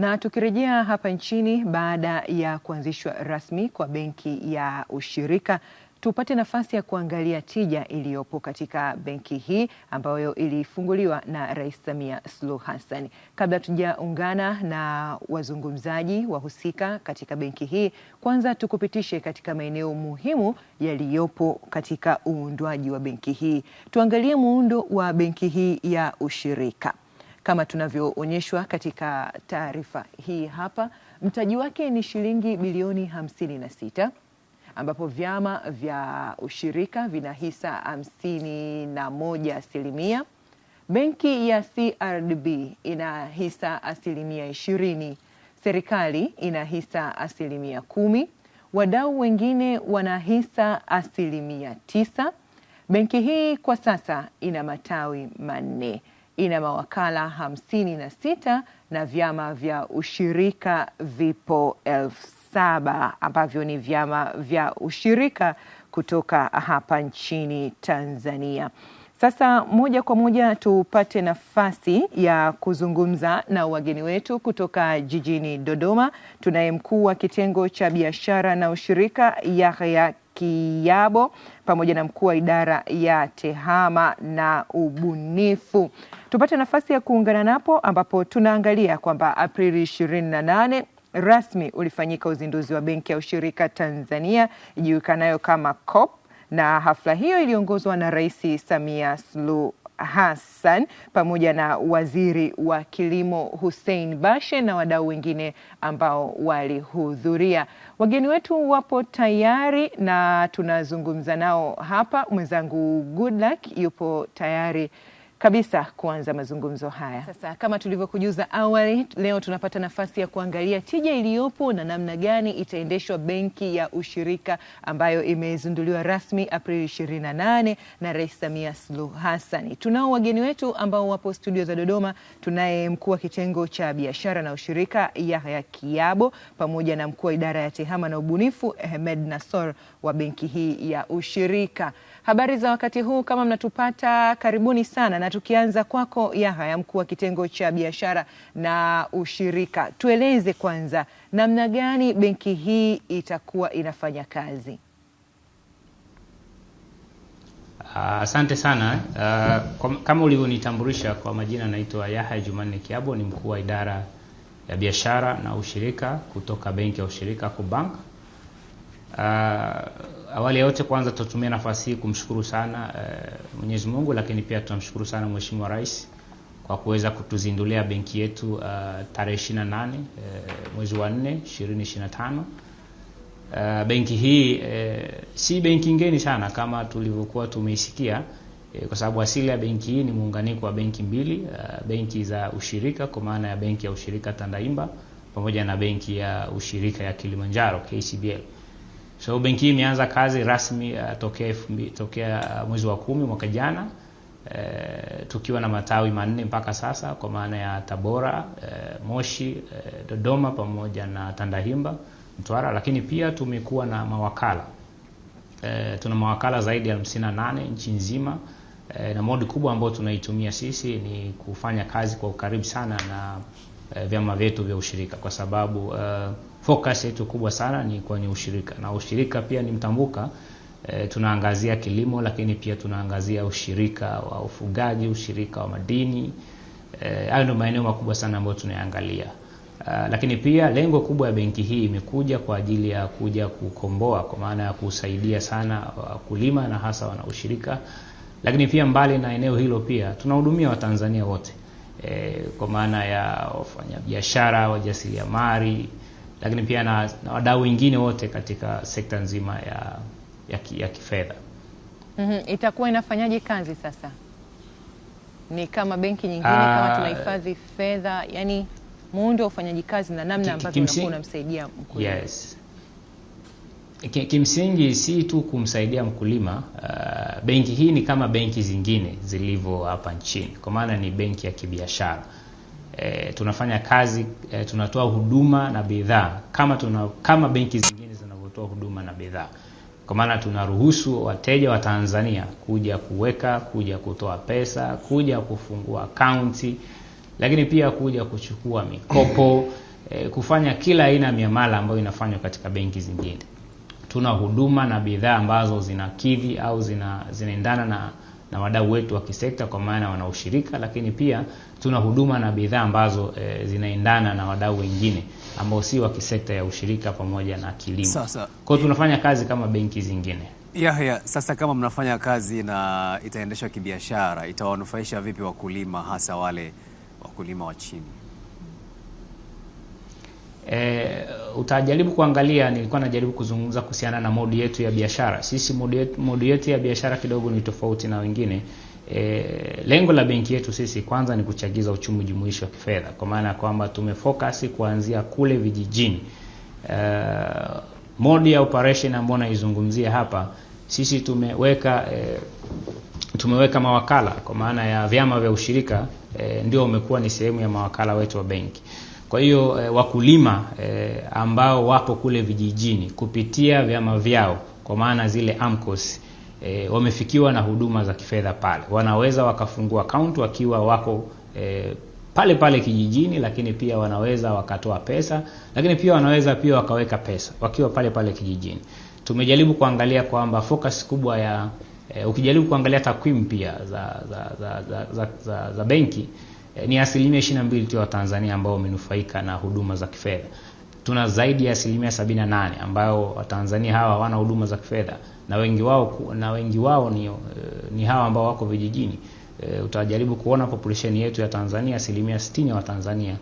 Na tukirejea hapa nchini, baada ya kuanzishwa rasmi kwa benki ya ushirika, tupate nafasi ya kuangalia tija iliyopo katika benki hii ambayo ilifunguliwa na Rais Samia Suluhu Hassan. Kabla tujaungana na wazungumzaji wahusika katika benki hii, kwanza tukupitishe katika maeneo muhimu yaliyopo katika uundwaji wa benki hii. Tuangalie muundo wa benki hii ya ushirika kama tunavyoonyeshwa katika taarifa hii hapa. Mtaji wake ni shilingi bilioni 56 ambapo vyama vya ushirika vina hisa 51 asilimia. Benki ya CRDB ina hisa asilimia ishirini, serikali ina hisa asilimia kumi, wadau wengine wana hisa asilimia tisa. Benki hii kwa sasa ina matawi manne ina mawakala hamsini na sita na vyama vya ushirika vipo elfu saba ambavyo ni vyama vya ushirika kutoka hapa nchini Tanzania. Sasa moja kwa moja tupate nafasi ya kuzungumza na wageni wetu kutoka jijini Dodoma. Tunaye mkuu wa kitengo cha biashara na ushirika Yahya Kiyabo pamoja na mkuu wa idara ya tehama na ubunifu tupate nafasi ya kuungana napo, ambapo tunaangalia kwamba Aprili 28 rasmi ulifanyika uzinduzi wa benki ya ushirika Tanzania ijulikanayo kama COP na hafla hiyo iliongozwa na Rais Samia Suluhu Hassan pamoja na waziri wa kilimo Hussein Bashe na wadau wengine ambao walihudhuria. Wageni wetu wapo tayari na tunazungumza nao hapa. Mwenzangu Goodluck yupo tayari kabisa kuanza mazungumzo haya. Sasa kama tulivyokujuza awali, leo tunapata nafasi ya kuangalia tija iliyopo na namna gani itaendeshwa benki ya ushirika ambayo imezinduliwa rasmi Aprili 28 na Rais Samia Suluhu Hassan. Tunao wageni wetu ambao wapo studio za Dodoma. Tunaye mkuu wa kitengo cha biashara na ushirika Yahya Kiabo pamoja na mkuu wa idara ya tehama na ubunifu Ahmed Nassor wa benki hii ya ushirika. Habari za wakati huu kama mnatupata, karibuni sana, na tukianza kwako Yahaya, mkuu wa kitengo cha biashara na ushirika, tueleze kwanza namna gani benki hii itakuwa inafanya kazi. Asante uh, sana uh, kama ulivyonitambulisha kwa majina, naitwa yaha Jumanne Kiabo, ni mkuu wa idara ya biashara na ushirika kutoka benki ya ushirika KUBANK. Uh, awali ya yote kwanza tutumie nafasi hii kumshukuru sana uh, Mwenyezi Mungu, lakini pia tunamshukuru sana Mheshimiwa Rais kwa kuweza kutuzindulia benki yetu uh, tarehe 28 uh, eh, mwezi wa 4 2025. Uh, benki hii uh, si benki ngeni sana kama tulivyokuwa tumeisikia uh, kwa sababu asili ya benki hii ni muunganiko wa benki mbili uh, benki za ushirika kwa maana ya benki ya ushirika Tandaimba pamoja na benki ya ushirika ya Kilimanjaro KCBL So benki hii imeanza kazi rasmi uh, tokea, tokea mwezi wa kumi mwaka jana uh, tukiwa na matawi manne mpaka sasa kwa maana ya Tabora, uh, Moshi, uh, Dodoma pamoja na Tandahimba, Mtwara, lakini pia tumekuwa na mawakala uh, tuna mawakala zaidi ya 58 nchi nzima uh, na modi kubwa ambayo tunaitumia sisi ni kufanya kazi kwa ukaribu sana na uh, vyama vyetu vya ushirika kwa sababu uh, focus yetu kubwa sana ni kwenye ushirika na ushirika pia ni mtambuka e, tunaangazia kilimo lakini pia tunaangazia ushirika wa ufugaji, ushirika wa madini. E, hayo e, ndio maeneo makubwa sana ambayo tunayaangalia. Uh, lakini pia lengo kubwa ya benki hii imekuja kwa ajili ya kuja kukomboa kwa maana ya kusaidia sana wakulima na hasa wana lakini pia mbali na eneo hilo pia tunahudumia Watanzania wote e, kwa maana ya wafanyabiashara, wajasiriamali lakini pia na, na wadau wengine wote katika sekta nzima ya, ya, ki, ya kifedha. mm -hmm. Itakuwa inafanyaje kazi sasa? Ni kama benki nyingine Aa, ah, kama tunahifadhi fedha, yani muundo wa ufanyaji kazi na namna ambavyo unakuwa unamsaidia mkulima. Yes. Kimsingi si tu kumsaidia mkulima uh, benki hii ni kama benki zingine zilivyo hapa nchini, kwa maana ni benki ya kibiashara. uh, e, tunafanya kazi e, tunatoa huduma na bidhaa kama, tuna, kama benki zingine zinavyotoa huduma na bidhaa kwa maana tunaruhusu wateja wa Tanzania kuja kuweka, kuja kutoa pesa, kuja kufungua akaunti, lakini pia kuja kuchukua mikopo e, kufanya kila aina ya miamala ambayo inafanywa katika benki zingine. Tuna huduma na bidhaa ambazo zinakidhi au zina, zinaendana na na wadau wetu wa kisekta kwa maana ushirika, lakini pia tuna huduma na bidhaa ambazo e, zinaendana na wadau wengine ambao si wa kisekta ya ushirika pamoja na kilimo. Sasa kwa tunafanya kazi kama benki zingine. ya, ya. sasa kama mnafanya kazi na itaendeshwa kibiashara, itawanufaisha vipi wakulima hasa wale wakulima wa chini? E, utajaribu kuangalia, nilikuwa najaribu kuzungumza kuhusiana na modi yetu ya biashara. Sisi modi yetu, modi yetu ya biashara kidogo ni tofauti na wengine. E, lengo la benki yetu sisi kwanza ni kuchagiza uchumi jumuishi wa kifedha, kwa maana ya kwamba tumefocus kuanzia kule vijijini. E, modi ya operation ambayo naizungumzia hapa sisi tumeweka e, tumeweka mawakala kwa maana ya vyama vya ushirika e, ndio umekuwa ni sehemu ya mawakala wetu wa benki. Kwa hiyo e, wakulima e, ambao wapo kule vijijini kupitia vyama vyao kwa maana zile AMCOS e, wamefikiwa na huduma za kifedha pale, wanaweza wakafungua akaunti wakiwa wako e, pale pale kijijini, lakini pia wanaweza wakatoa pesa, lakini pia wanaweza pia wakaweka pesa wakiwa pale pale kijijini. Tumejaribu kuangalia kwamba focus kubwa ya e, ukijaribu kuangalia takwimu pia za, za, za, za, za, za, za benki Eh, ni asilimia ishirini na mbili tu ya Watanzania ambao wamenufaika na huduma za kifedha. Tuna zaidi ya asilimia sabini na nane ambao Watanzania hawa hawana huduma za kifedha na wengi wao, na wengi wao ni, eh, ni hawa ambao wako vijijini. E, utajaribu kuona population yetu ya Tanzania asilimia sitini ya Watanzania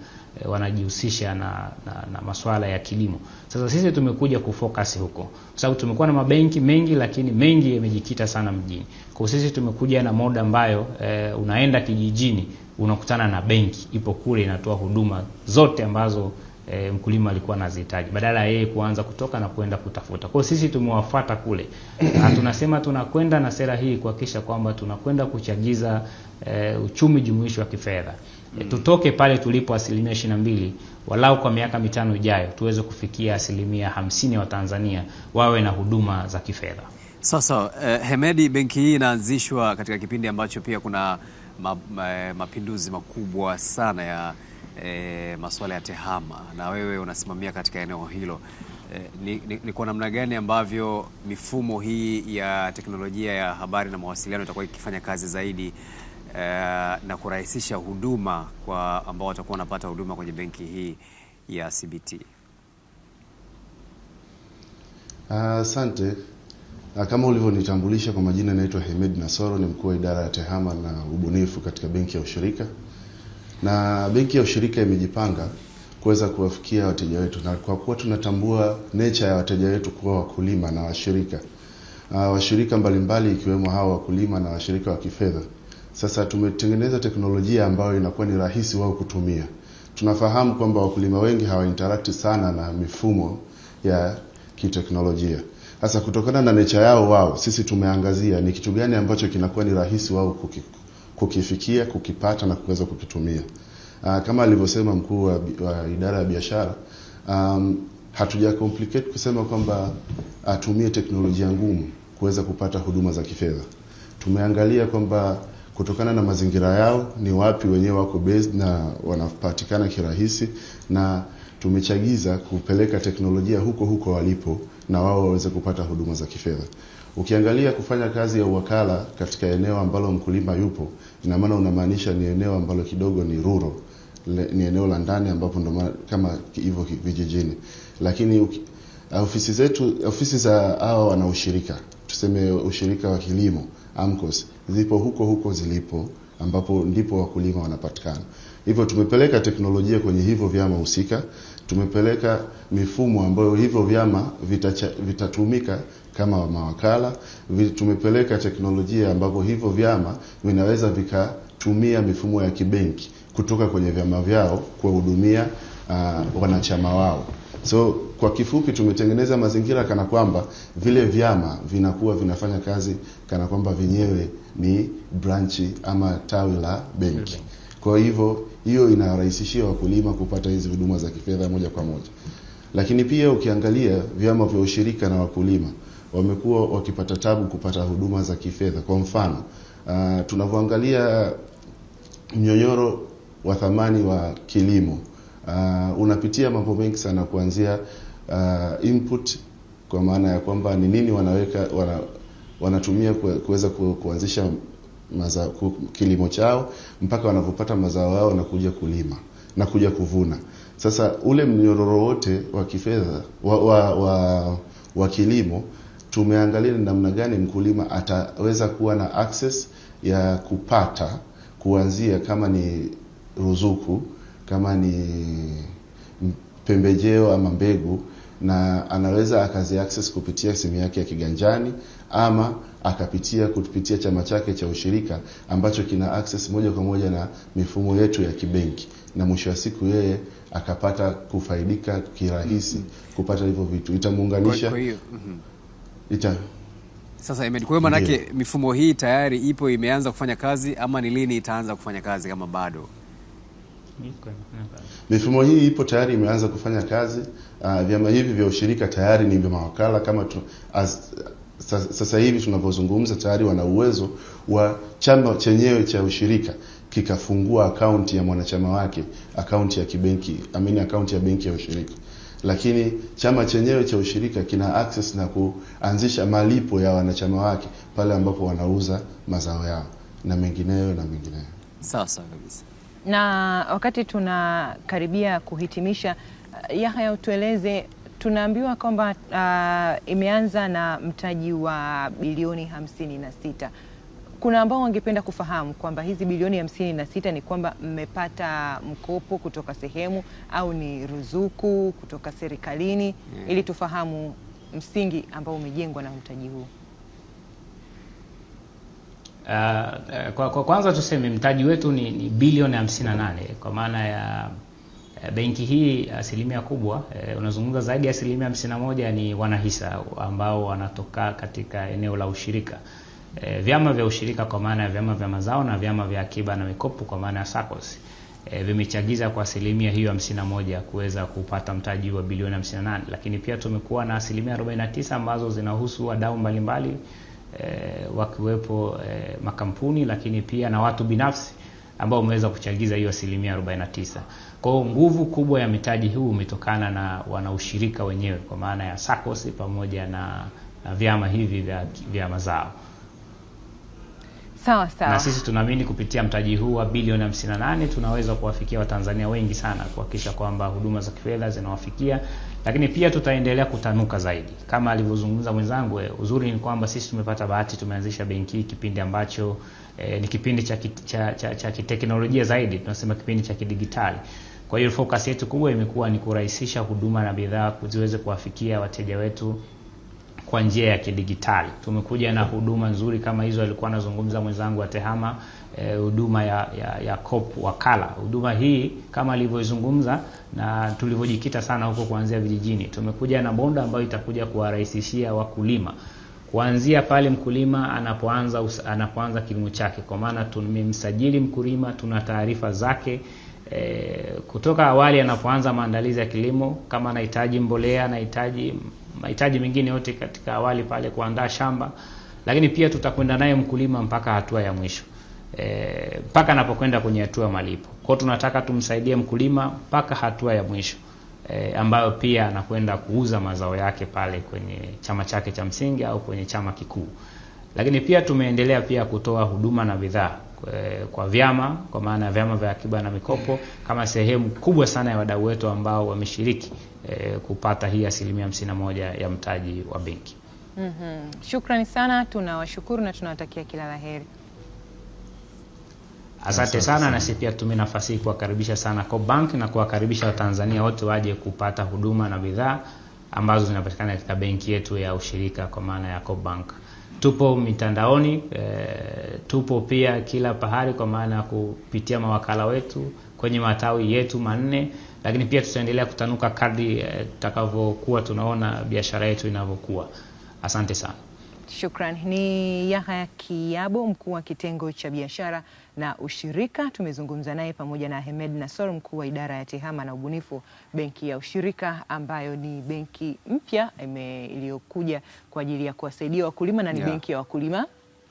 e, wanajihusisha na, na, na masuala ya kilimo. Sasa sisi tumekuja kufocus huko, kwa sababu tumekuwa na mabenki mengi, lakini mengi yamejikita sana mjini. Kwa sisi tumekuja na moda ambayo e, unaenda kijijini unakutana na benki ipo kule inatoa huduma zote ambazo e, mkulima alikuwa anazihitaji badala ya yeye kuanza kutoka na kwenda kutafuta. Kwa sisi tumewafuata kule na tunasema tunakwenda na sera hii kuhakikisha kwamba tunakwenda kuchagiza e, uchumi jumuishi wa kifedha e, tutoke pale tulipo asilimia ishirini na mbili walau kwa miaka mitano ijayo tuweze kufikia asilimia hamsini ya Watanzania wawe na huduma za kifedha. Sasa uh, Hemedi, benki hii inaanzishwa katika kipindi ambacho pia kuna ma, ma, mapinduzi makubwa sana ya e, eh, masuala ya tehama na wewe unasimamia katika eneo hilo e, ni, ni, ni kwa namna gani ambavyo mifumo hii ya teknolojia ya habari na mawasiliano itakuwa ikifanya kazi zaidi e, na kurahisisha huduma kwa ambao watakuwa wanapata huduma kwenye benki hii ya CBT? Asante. Uh, kama ulivyonitambulisha kwa majina, naitwa Hemed Nasoro, ni mkuu wa idara ya tehama na ubunifu katika benki ya ushirika, na benki ya ushirika imejipanga kuweza kuwafikia wateja wetu, na kwa kuwa tunatambua nature ya wateja wetu kuwa wakulima na washirika uh, washirika mbalimbali ikiwemo hawa wakulima na washirika wa kifedha, sasa tumetengeneza teknolojia ambayo inakuwa ni rahisi wao kutumia. Tunafahamu kwamba wakulima wengi hawainteract sana na mifumo ya kiteknolojia. Sasa kutokana na necha yao wao, sisi tumeangazia ni kitu gani ambacho kinakuwa ni rahisi wao kuki, kukifikia kukipata na kuweza kukitumia. Aa, ah, kama alivyosema mkuu wa, wa idara ya biashara um, hatuja complicate kusema kwamba atumie teknolojia ngumu kuweza kupata huduma za kifedha. Tumeangalia kwamba kutokana na mazingira yao ni wapi wenyewe wako based na wanapatikana kirahisi na tumechagiza kupeleka teknolojia huko huko walipo na wao waweze kupata huduma za kifedha. Ukiangalia kufanya kazi ya uwakala katika eneo ambalo mkulima yupo, ina maana unamaanisha ni eneo ambalo kidogo ni ruro ni eneo la ndani ambapo ndo kama hivyo vijijini, lakini ofisi zetu, ofisi za hao wana ushirika tuseme ushirika wa kilimo AMCOS zipo huko huko zilipo ambapo ndipo wakulima wanapatikana. Hivyo tumepeleka teknolojia kwenye hivyo vyama husika tumepeleka mifumo ambayo hivyo vyama vitatumika vita kama mawakala. Tumepeleka teknolojia ambapo hivyo vyama vinaweza vikatumia mifumo ya kibenki kutoka kwenye vyama vyao kuwahudumia uh, wanachama wao. So kwa kifupi, tumetengeneza mazingira kana kwamba vile vyama vinakuwa vinafanya kazi kana kwamba vyenyewe ni branchi ama tawi la benki. Kwa hivyo hiyo inarahisishia wakulima kupata hizi huduma za kifedha moja kwa moja. Lakini pia ukiangalia vyama vya ushirika na wakulima wamekuwa wakipata tabu kupata huduma za kifedha. Kwa mfano uh, tunavyoangalia mnyonyoro wa thamani wa kilimo uh, unapitia mambo mengi sana kuanzia uh, input kwa maana ya kwamba ni nini wanaweka wana, wanatumia kuweza kuanzisha mazao, kilimo chao mpaka wanavyopata mazao yao na kuja kulima na kuja kuvuna. Sasa ule mnyororo wote wa kifedha wa, wa, wa, wa kilimo tumeangalia ni namna gani mkulima ataweza kuwa na access ya kupata kuanzia kama ni ruzuku, kama ni pembejeo ama mbegu, na anaweza akazi access kupitia simu yake ya kiganjani ama akapitia kupitia chama chake cha ushirika ambacho kina access moja kwa moja na mifumo yetu ya kibenki, na mwisho wa siku yeye akapata kufaidika kirahisi kupata hivyo vitu itamuunganisha kwa hiyo mhm. ita sasa Ahmed, kwa hiyo maanake mifumo hii tayari ipo imeanza kufanya kazi, ama ni lini itaanza kufanya kazi kama bado? Mifumo hii ipo tayari imeanza kufanya kazi. Uh, vyama hivi vya ushirika tayari ni vya mawakala kama tu, as, sasa hivi tunavyozungumza tayari wana uwezo wa chama chenyewe cha ushirika kikafungua akaunti ya mwanachama wake, akaunti ya kibenki amini, akaunti ya benki ya ushirika, lakini chama chenyewe cha ushirika kina access na kuanzisha malipo ya wanachama wake pale ambapo wanauza mazao yao na mengineyo na mengineyo. Sawa sawa kabisa. Na wakati tunakaribia kuhitimisha, eh, Yahya, tueleze tunaambiwa kwamba uh, imeanza na mtaji wa bilioni hamsini na sita. Kuna ambao wangependa kufahamu kwamba hizi bilioni hamsini na sita ni kwamba mmepata mkopo kutoka sehemu au ni ruzuku kutoka serikalini? hmm. ili tufahamu msingi ambao umejengwa na mtaji huu. Uh, kwa, kwa kwanza tuseme mtaji wetu ni, ni bilioni 58 kwa maana ya Eh, benki hii asilimia kubwa e, unazungumza zaidi ya asilimia hamsini na moja ni wanahisa ambao wanatoka katika eneo la ushirika e, vyama vya ushirika kwa maana ya vyama vya mazao na vyama vya akiba na mikopo kwa maana ya SACCOS vimechagiza kwa asilimia hiyo hamsini na moja kuweza kupata mtaji wa bilioni nane lakini pia tumekuwa na asilimia tisa ambazo zinahusu wadau mbalimbali e, wakiwepo e, makampuni lakini pia na watu binafsi ambao umeweza kuchagiza hiyo asilimia 49. Kwa hiyo nguvu kubwa ya mitaji huu umetokana na wanaushirika wenyewe kwa maana ya SACCOS pamoja na, na vyama hivi vya, vya mazao sawa sawa. Na sisi tunaamini kupitia mtaji huu wa bilioni nane tunaweza kuwafikia Watanzania wengi sana kuhakikisha kwamba huduma za kifedha zinawafikia, lakini pia tutaendelea kutanuka zaidi. Kama alivyozungumza mwenzangu, eh, uzuri ni kwamba sisi tumepata bahati, tumeanzisha benki hii kipindi ambacho eh, ni kipindi cha, cha, cha, cha kiteknolojia zaidi, tunasema kipindi cha kidigitali. Kwa hiyo focus yetu kubwa imekuwa ni kurahisisha huduma na bidhaa ziweze kuwafikia wateja wetu kwa njia ya kidigitali. Tumekuja na huduma nzuri kama hizo, alikuwa anazungumza mwenzangu wa TEHAMA eh, huduma e, ya, ya, ya COP wakala. Huduma hii kama alivyozungumza na tulivyojikita sana huko kuanzia vijijini, tumekuja na bonda ambayo itakuja kuwarahisishia wakulima kuanzia pale mkulima anapoanza anapoanza kilimo chake, kwa maana tumemsajili mkulima, tuna taarifa zake e, kutoka awali anapoanza maandalizi ya kilimo, kama anahitaji mbolea, anahitaji mahitaji mengine yote katika awali pale, kuandaa shamba, lakini pia tutakwenda naye mkulima mpaka hatua ya mwisho e, mpaka anapokwenda kwenye hatua ya malipo. Kwa tunataka tumsaidie mkulima mpaka hatua ya mwisho e, ambayo pia anakwenda kuuza mazao yake pale kwenye chama chake cha msingi au kwenye chama kikuu. Lakini pia tumeendelea pia kutoa huduma na bidhaa Eh, kwa vyama kwa maana ya vyama vya akiba na mikopo kama sehemu kubwa sana ya wadau wetu ambao wameshiriki eh, kupata hii asilimia hamsini na moja ya mtaji wa benki. mm -hmm. Shukrani sana, tunawashukuru na tunawatakia kila la heri. Asante sana, nasi pia tutumie nafasi hii kuwakaribisha sana Bank na kuwakaribisha Watanzania wote waje kupata huduma na bidhaa ambazo zinapatikana katika benki yetu ya ushirika kwa maana ya bank Tupo mitandaoni e, tupo pia kila pahali, kwa maana ya kupitia mawakala wetu kwenye matawi yetu manne, lakini pia tutaendelea kutanuka kadri eh, tutakavyokuwa tunaona biashara yetu inavyokuwa. Asante sana. Shukran. Ni Yahya Kiabo, mkuu wa kitengo cha biashara na ushirika. Tumezungumza naye pamoja na Hemed Nassor, mkuu wa idara ya tehama na ubunifu benki ya ushirika, ambayo ni benki mpya iliyokuja kwa ajili ya kuwasaidia wakulima na ni yeah, benki ya wakulima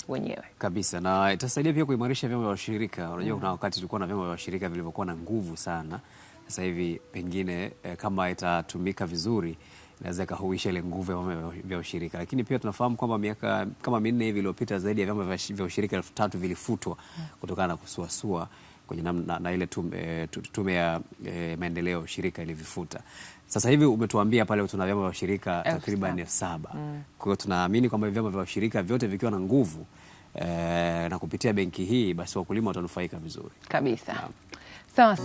wenyewe kabisa, na itasaidia pia kuimarisha vyama vya washirika. Unajua, mm. kuna wakati tulikuwa na vyama vya washirika vilivyokuwa na nguvu sana. Sasa hivi pengine eh, kama itatumika vizuri inaweza ikahuisha ile nguvu ya vyama vya ushirika. Lakini pia tunafahamu kwamba miaka kama minne hivi iliyopita zaidi ya vyama vya ushirika elfu tatu vilifutwa kutokana na kusuasua kwenye na, na, na ile tume, eh, tume ya e, maendeleo ya ushirika ilivifuta. Sasa hivi umetuambia pale tuna vyama vya ushirika takriban elfu saba. Mm. Kwa hiyo tunaamini kwamba vyama vya ushirika vyote vikiwa na nguvu e, na kupitia benki hii basi wakulima watanufaika vizuri kabisa. Sawa.